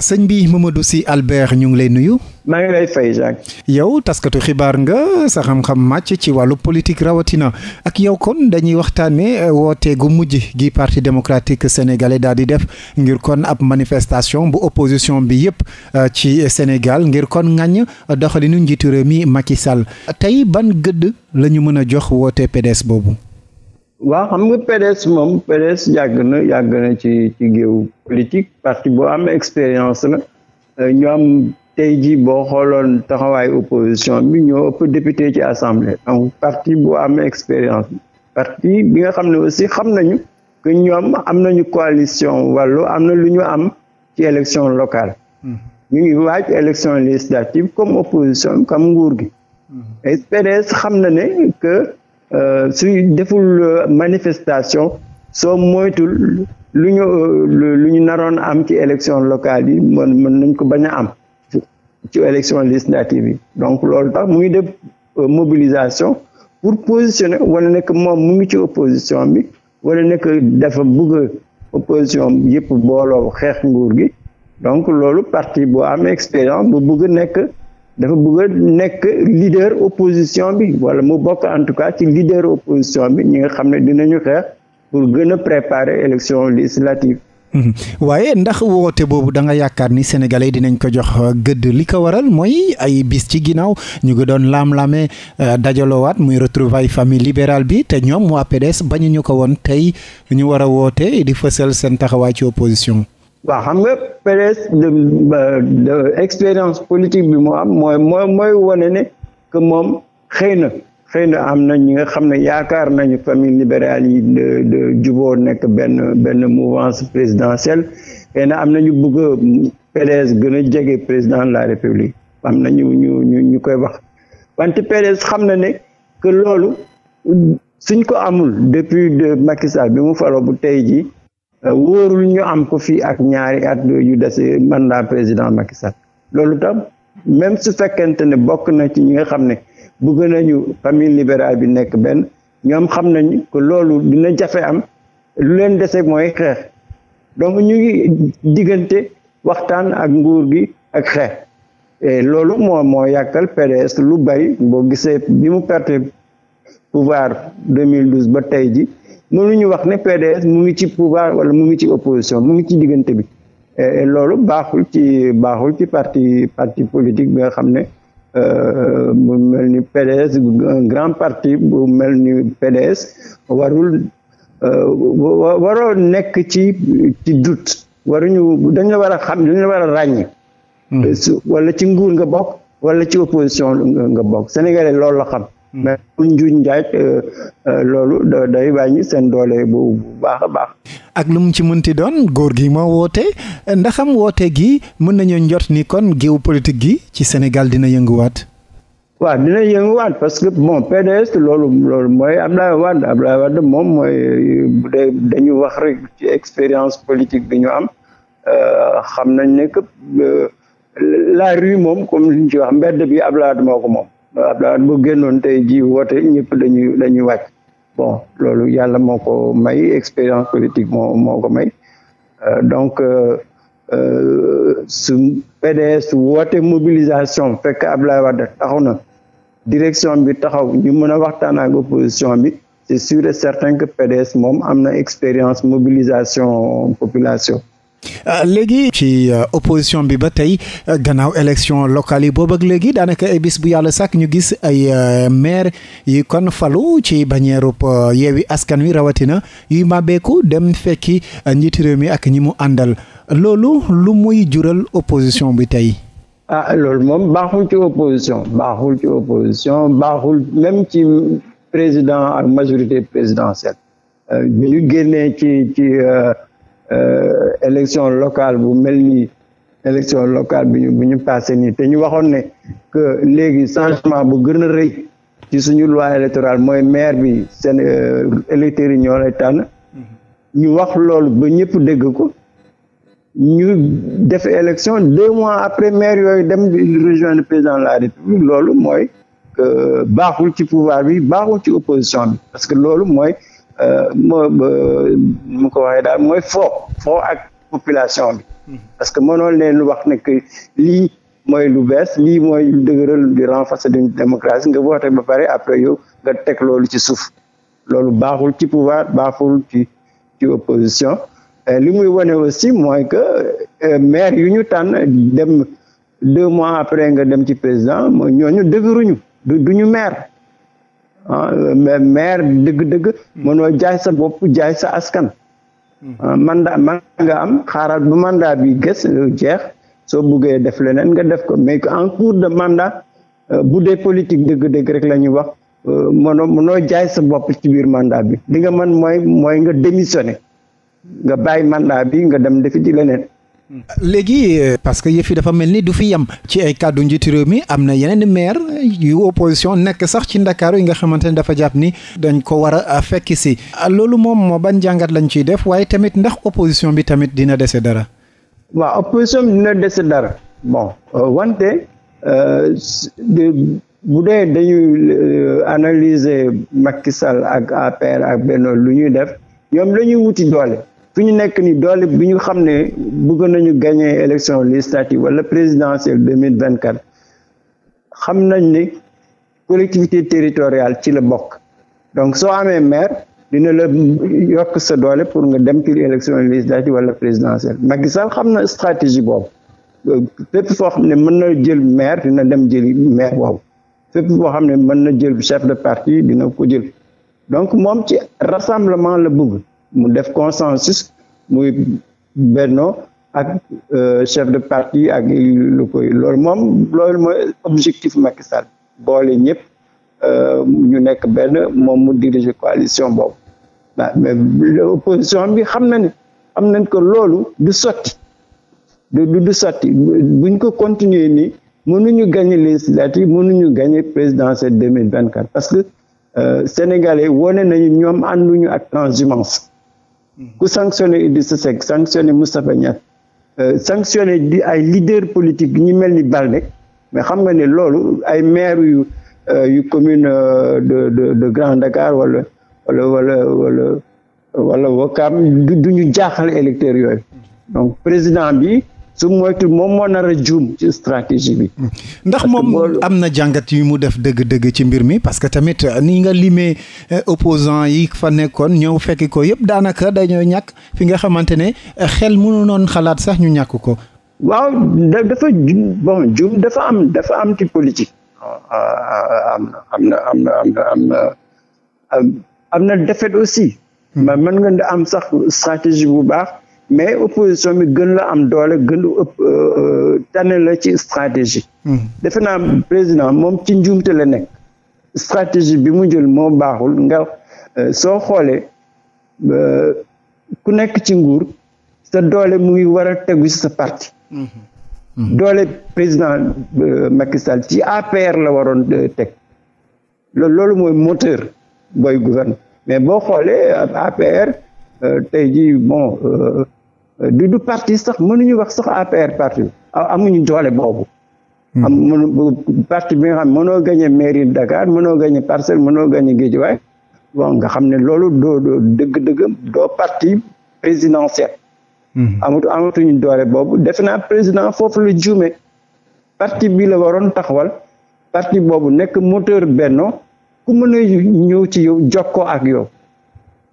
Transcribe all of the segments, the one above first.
sëñ bi Mamadou Sy Albert ñu ngi lay nuyu. maa ngi lay fay Jacques. yow taskatu xibaar nga sa xam-xam màcc ci wàllu politique rawatina ak yow kon dañuy waxtaanee eh, wootee gu mujj gi parti démocratique sénégalais daal di def ngir kon ab manifestation bu opposition bi yëpp eh, ci Sénégal ngir kon ŋàññ doxalinu njiitu réew mi Macky Sall tey ban gëdd la ñu mën a jox woote PDS boobu. waaw xam nga PDS moom PDS yàgg na yàgg na ci ci géew politique parti boo am expérience la euh, ñu am tey jii boo xooloon taxawaay opposition bi ñoo ëpp député ci assemblée donc parti boo am expérience parti bi nga xam ne aussi xam nañu que ñoom am nañu coalition wàllu am na lu ñu am ci élection locale hmm. ñu ngi waaj élection législative comme opposition comme nguur gi hmm. PDS xam na ne que Euh, su deful euh, manifestation soo moytul lu ñu euh, lu ñu naroon am ci élection locale yi mën mën nañ ko bañ a am ci élection législative yi donc loolu tax mu ngi def mobilisation pour positionner wala nekk moom mu ngi ci opposition bi wala nekk dafa bugg opposition yëpp booloo xeex nguur gi donc loolu parti boo am expérience bu bëgg nekk dafa bëgg nekk leader opposition bi wala mu bokk en tout cas ci leader opposition bi ñi nga xam ne dinañu xeex pour gën a préparer élection législative. Mhm. waaye ndax woote boobu da nga yaakaar ni sénégalais dinañ ko jox euh, gëdd li ko waral mooy ay bis ci ginnaaw ñu ngi doon laam-laamee euh, dajaloowaat muy retrouvaille famille libéral bi te ñoom waa PDS bañu ñu ko woon tey ñu war a woote di fësal seen taxawaay ci opposition. waaw xam nga presse de expérience politique bi mu am mooy mooy mooy wane ne que moom xëy na xëy na am na ñi nga xam ne yaakaar nañu famille libérale yi de de juboo nekk benn benn mouvance présidentielle xëy na am na ñu bëgg a gën a jege président de la république am na ñu ñu ñu ñu koy wax wante PDS xam na ne que loolu suñ ko amul depuis de Macky bi mu falo bu tey ji wóorul ñu am ko fii ak ñaari at yu dese mandat président Macky Sall loolu tam même su fekkente ne bokk na ci ñi nga xam ne bëgg nañu famille libéral bi nekk benn ñoom xam nañu que loolu dina jafe am lu leen dese mooy xeex donc ñu ngi diggante waxtaan ak nguur gi ak xeex loolu moo moo yàkkal PDS lu bari boo gisee bi mu perte pouvoir 2012 ba tey ji mënuñu wax ne PDS mu ngi ci pouvoir wala mu ngi ci opposition mu ngi ci diggante bi et loolu baaxul ci baaxul ci parti parti politique bi nga xam ne euh, bu mel ni PDS un grand parti bu mel ni PDS warul euh, waroo nekk ci ci doute waruñu dañ la war a xam dañ war a ràññee. Hmm. wala ci nguur nga bokk wala ci opposition nga bokk sénégalais loolu la xam. mais bu njuuj njaaj euh, euh, loolu day wàññi seen doole bu bu baax a baax. ak lu mu ci mënti doon góor gi moo woote ndaxam woote gi mën nañu njot ni kon géopolitique gi ci Sénégal dina yënguwaat. waa dina yënguwaat parce que bon PDS loolu loolu mooy Abdoulaye Wade Abdoulaye Wade moom mooy bu dee dañu wax rek ci expérience politique bi ñu am euh, xam nañ ne que la rue moom comme li ñu ci wax mbedd bi Abdoulaye Wade moo ko moom Abdoulaye Wade génnoon tey ji woote ñëpp dañuy dañuy wàcc bon loolu yàlla moo ko may expérience politique moo ko may euh, donc euh, euh, su PDS woote mobilisation fekk Abdoulaye Wade taxaw na direction bi taxaw ñu mën a waxtaan ak opposition bi c'est sûr et certain que PDS moom am na expérience mobilisation population Euh, léegi ci euh, oposition bi ba tey euh, gannaaw élection locale yi boobu ak léegi daanaka ay bu yàlla sàkk ñu gis ay maire yi kon falu ci bañeerub yeewi askan wi rawatina yuy màbbeeku dem fekki njiiti réew mi ak ñi mu àndal loolu lu muy jural oposition bi tey a ah, loolu moom baaxul ci opposition baaxul ci opposition baaxul même ci président majorité présidentielle bi ñu génnee ci ci Euh, élection locale bu mel nii élection locale bi ñu bu ñu passé nii te ñu waxoon ne que léegi changement bu gën a rëy ci suñu loi électorale mooy maire bi seen euh, électeurs yi ñoo lay tànn ñu wax loolu ba ñëpp dégg ko ñu def élection deux mois après maire yooyu dem rejoindre président de loolu mooy que baaxul ci pouvoir bi baaxul ci opposition bi parce que loolu mooy Euh, moo mu ko waxee daal mooy foo foo ak population bi hmm. parce que mënoon leen wax ne lii mooy lu bees lii mooy lu dëgëral di renforcer di démocratie nga woote ba pare après yow nga teg loolu ci suuf loolu baaxul ci pouvoir baaxul ci ci opposition li muy wane aussi mooy que euh, maire yu ñu tànn dem deux mois après nga dem ci président mooy ñooñu dëgëruñu du ñu maire Ah, maire dëgg-dëgg hmm. mënoo jaay sa bopp jaay sa askan hmm. ah, mandat man nga am xaaral bu mandat bi gës jeex soo buggee def leneen nga def ko mais en cours de mandat euh, bu dee politique dëgg-dëgg rek la ñuy wax euh, mënoo mënoo jaay sa bopp ci biir màndaa bi li nga mën mooy mooy nga démissionné nga bàyyi mandat bi nga dem defi ci leneen léegi euh, parce que yëf yi dafa mel ni du fi yem. ci ay kàddu njiitu réew mi am na yeneen maire yu opposition nekk sax ci ndakaaru yi nga xamante ne dafa jàpp ni dañ ko war a fekki si. Ah, loolu moom moo ban jàngat lañ ciy def waaye tamit ndax opposition bi tamit dina dese dara. waa opposition bi dina dese dara. bon euh, wante euh, bu dee dañuy analyser Macky Sall ak APR ak Benno lu ñuy def ñoom la ñuy wuti doole. fi ñu nekk nii doole bi ñu xam ne bëgg nañu gagner élection législative wala présidentielle deux mille vingt quatre xam nañ ni collectivité territoriale ci la bokk donc soo amee maire dina la yokk sa doole pour nga dem ci élection législative wala présidentielle Macky Sall xam na stratégie boobu fépp foo xam ne mën na jël maire dina dem jëli maire boobu fépp foo xam ne mën na jël chef de parti dina ko jël donc moom ci rassemblement la bugg mu def consensus muy benno ak euh, chef de parti ak lu koy loolu moom loolu mooy objectif Macky Sall boole ñëpp euh, ñu nekk benn moom mu diriger coalition boobu waaw mais opposition bi xam na ne xam nañ ko loolu du sotti du du sotti buñ ko continuer nii mënuñu gagner législative mënuñu gagner présidentielle deux mille vingt quatre parce que euh, sénégalais wone nañu ñoom ànduñu ak transhumance Mm-hmm. ku sanctionné Idrissa Seck sanctionné Moustapha Niass euh, sanctionné di ay leader politique ñi mel ni Balde mais xam nga ni loolu ay maire yu euh, yu commune euh, de de de Grand Dakar wala wala wala wala wala Wakam du ñu jaaxal électeurs yooyu donc président bi su moytu moom moo nar a juum ci stratégie bi. Hmm. ndax moom am na jàngat yu mu def dëgg-dëgg ci mbir mi parce que tamit euh, ni nga limee euh, opposant yi fa nekkoon ñëw fekki ko yëpp daanaka dañoo ñàkk fi nga xamante ne euh, xel mu noon xalaat sax ñu ñàkk ko. waaw dafa juum dafa am dafa am ti politique. Ah, ah, am na am na am am na am na aussi. Hmm. man mën nga am sax stratégie bu baax. mais opposition mi gën la am doole gën ëpp euh, euh, tane la ci stratégie. Hmm. defe naa président moom ci njuumte la nekk. stratégie bi mu jël moo baaxul nga euh, soo xoolee ku nekk ci nguur sa doole mu ngi war a tegu ci sa parti. Hmm. Hmm. doole président Macky ci APR la waroon teg loolu mooy moteur booy gouverne mais boo xoolee APR tey jii bon. du du parti sax mënuñu wax sax APR parti amuñu doole boobu. Hmm. am mënu parti bi nga xam mënoo gagné mairie Dakar mënoo gagné parcelle mënoo gagné Guédiawaye bon nga xam ne loolu doo dëgg-dëgg doo parti présidentiel. Hmm. amatu amatuñu doole boobu defe naa président foofu la juumee parti bi la waroon taxawal parti boobu nekk moteur bennoo ku mën a ñëw ci yow jokkoo ak yow.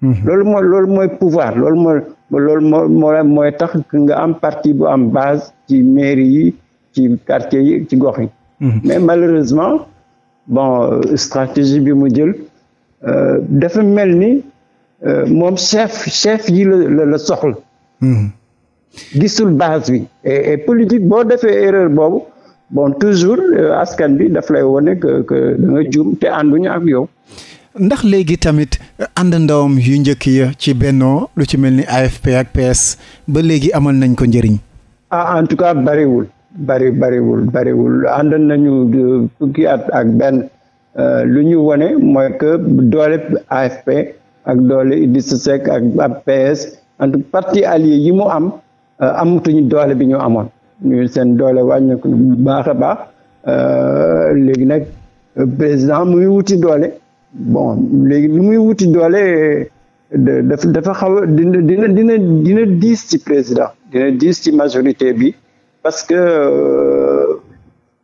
Hmm. loolu mooy loolu mooy pouvoir loolu mooy loolu moo moo mooy tax nga am partie bu am base ci mairie yi ci quartier yi ci gox yi. Mm-hmm. mais malheureusement bon stratégie bi mu jël euh, dafa mel ni euh, moom chef chef yi la la soxla. Mm-hmm. gisul base bi. et politique boo defee erreur boobu bon toujours euh, askan bi daf lay wone que que da nga juum te ànduñu yow. ndax léegi tamit àndandawam yu njëkk ya ci bennoo lu ci mel ni AFP ak PS ba léegi amal nañ ko njëriñ. ah en tout cas bariwul bari bariwul bariwul ànd nañu euh, fukki at ak benn euh, lu ñu wone mooy que doole AFP ak doole Idrissa Seck ak ak PS en parti allié yi mu am euh, amatuñu doole bi ñu amoon ñu seen doole wàññi ko baax a baax léegi nag président muy wuti doole. bon léegi lu muy wuti doole dafa xaw a dina dina dina dina diis ci président dina diis ci majorité bi parce que euh,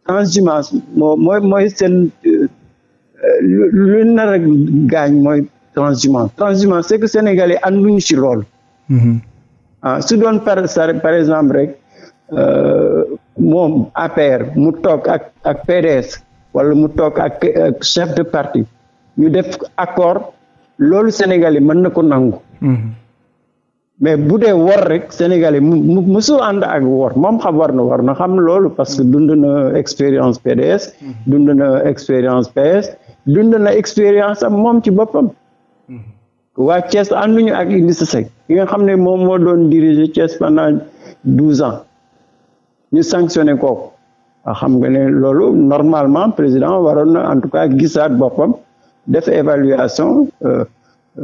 transhumance moo mooy mooy seen euh, lu nar gaañ mooy transhumance transhumance c'est que sénégalais ànduñu ci lool mm-hmm. ah su doon par par exemple rek euh, moom APR mu toog ak ak PDS wala mu toog ak chef de partie ñu def accord loolu Sénégal yi mën na ko nangu. Mhm. mais bu dee wor rek Sénégal yi mu musul ànd ak wor moom xam war na war na xam loolu parce que dund na expérience PDS. Mhm. dund na expérience PS dund na expérience am moom ci boppam. Mhm. waa Thiès ànduñu ak Idrissa Seck ki nga xam ne moom moo doon diriger Thiès pendant douze ans ñu sanctionné kooku. xam nga ne loolu normalement président waroon na en tout cas gisaat boppam. def évaluation euh, euh,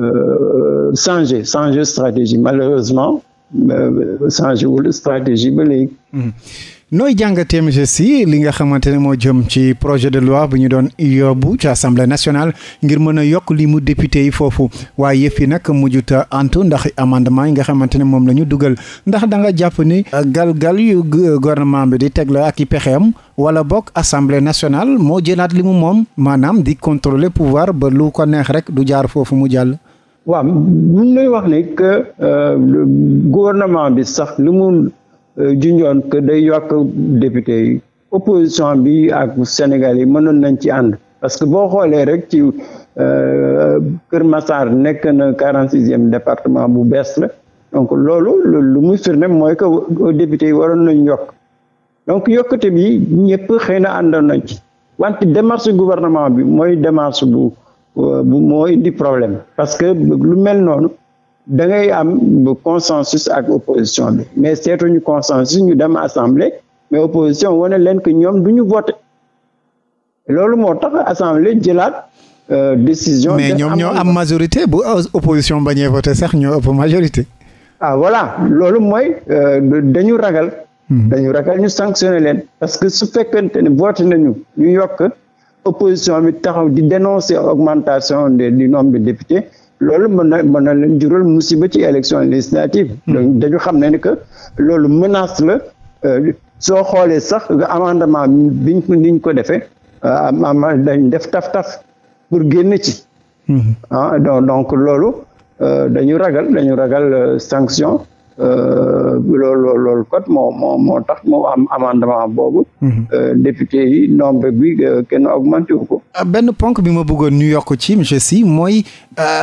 euh, changer changer stratégie malheureusement Euh, changé wul stratégie hmm. nooy jàngatee monsieur li nga xamante ne moo jëm ci projet de loi bu ñu doon yobbu ci assemblée nationale ngir mën a yokk li mu député yi foofu waaye yëf yi nag mujjut a antu ndax amendement yi nga xamante ne moom la ñu dugal ndax danga nga jàpp ni. gal-gal yu gouvernement bi di teg la ak i pexeem wala bokk assemblée nationale moo jëlaat li mu moom maanaam di contrôler pouvoir ba lu ko neex rek du jaar foofu mu jàll. waa mun lay wax ni que euh, gouvernement bi sax li mu euh, junjoon que day yokk député yi opposition bi ak Sénégal yi mënoon nañ ci ànd parce que boo xoolee rek ci euh, Kër Massar nekk na quarante sixième département bu bees la donc loolu lu muy firnde mooy que député yi waroon nañ yokk donc yokkute bi ñëpp xëy na àndoon nañ ci wante démarche gouvernement bi mooy démarche bu moo indi problème parce que lu mel noonu da ngay am consensus ak opposition bi mais seetuñu consensus ñu dem assemblée mais opposition wane leen que ñoom du ñu voté loolu moo tax assemblée jëlaat euh, décision. mais ñoom ñoo am majorité bu opposition bañee voté sax ñoo ëpp majorité. ah voilà loolu mooy euh, dañu ragal. Hmm. dañu ragal ñu sanctionné leen parce que su fekkente ne voté nañu ñu yokk. opposition bi taxaw di dénoncer augmentation du nombre de députés loolu mën na mën na leen jural musiba ci élection législative hmm. donc dañu xam ne ne que loolu menace la euh, soo xoolee sax amendement biñ ko niñ ko defee euh, ama dañ def taf-taf pour génn ci hmm. ah donc loolu euh, dañu ragal dañu ragal sanction lool euh, loolu kot moo moo moo tax moo am amendement boobu. Mhm. Euh, député yi nombre bi euh, kenn augmenté wu ko. Ah, benn ponk bi ma bëggoon ñu yokk ci monsieur Sy mooy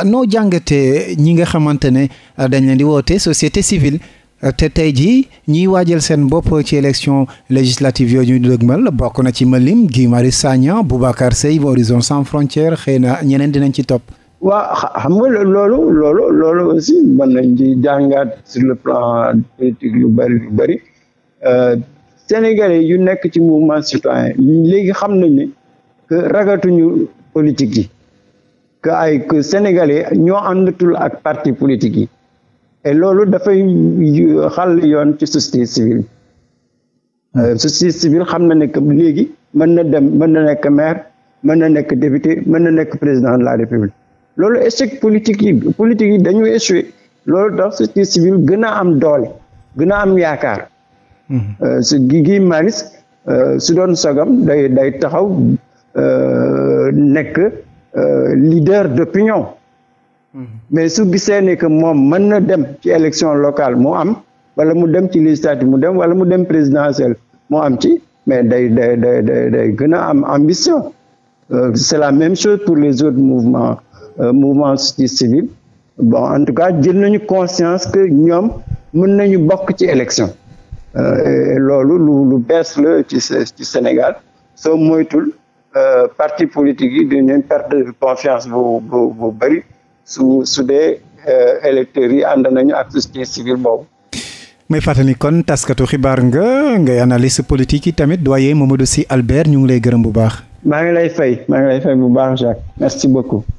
noo jàngatee ñi nga xamante ne dañ leen di woote société civile. te tey jii ñiy waajal seen bopp ci élection législative yooyu ñu dëgmal bokk na ci Malim Guy mari Sagna Boubacar Seye Horizon sans frontières xëy na ñeneen dinañ ci topp. waa xam nga loolu loolu loolu mën nañ ci jàngaat sur le plan politique lu bari lu bari euh, sénégalais yu nekk ci mouvement citoyen léegi xam nañ ne que ragatuñu politique yi que ay que sénégalais ñoo àndatul ak parti politique yi et loolu dafay xal yoon ci société civile euh, société civile xam na ne que léegi mën na dem mën na nekk maire mën na nekk député mën na nekk président de la république loolu échec politique yi politique yi dañu échoué loolu tax société civile gën a am doole gën a am yaakaar euh, su gi gi maris euh, su doon sogam day day taxaw euh, nekk leader d'opinion mais su gisee ne que moom mën na dem ci élection locale mu am wala mu dem ci législative mu dem wala mu dem présidentielle mu am ci mais day day day day day gën a am ambition c'est la même chose pour les autres mouvements Euh, mouvement société civile bon en tout cas jël nañu conscience que ñoom mën nañu bokk ci élection euh, loolu lu lu bees la ci ci Sénégal soo moytul euh, parti politique yi dinañ perte de confiance bu bu bëri su su dee électeurs yi ànd nañu ak société civile boobu. may ni kon taskatu xibaar nga ngay analyse politique yi tamit doyen Mamadou Sy Albert ñu ngi lay gërëm bu baax. maa ngi lay fay maa ngi lay fay bu baax Jacques merci beaucoup.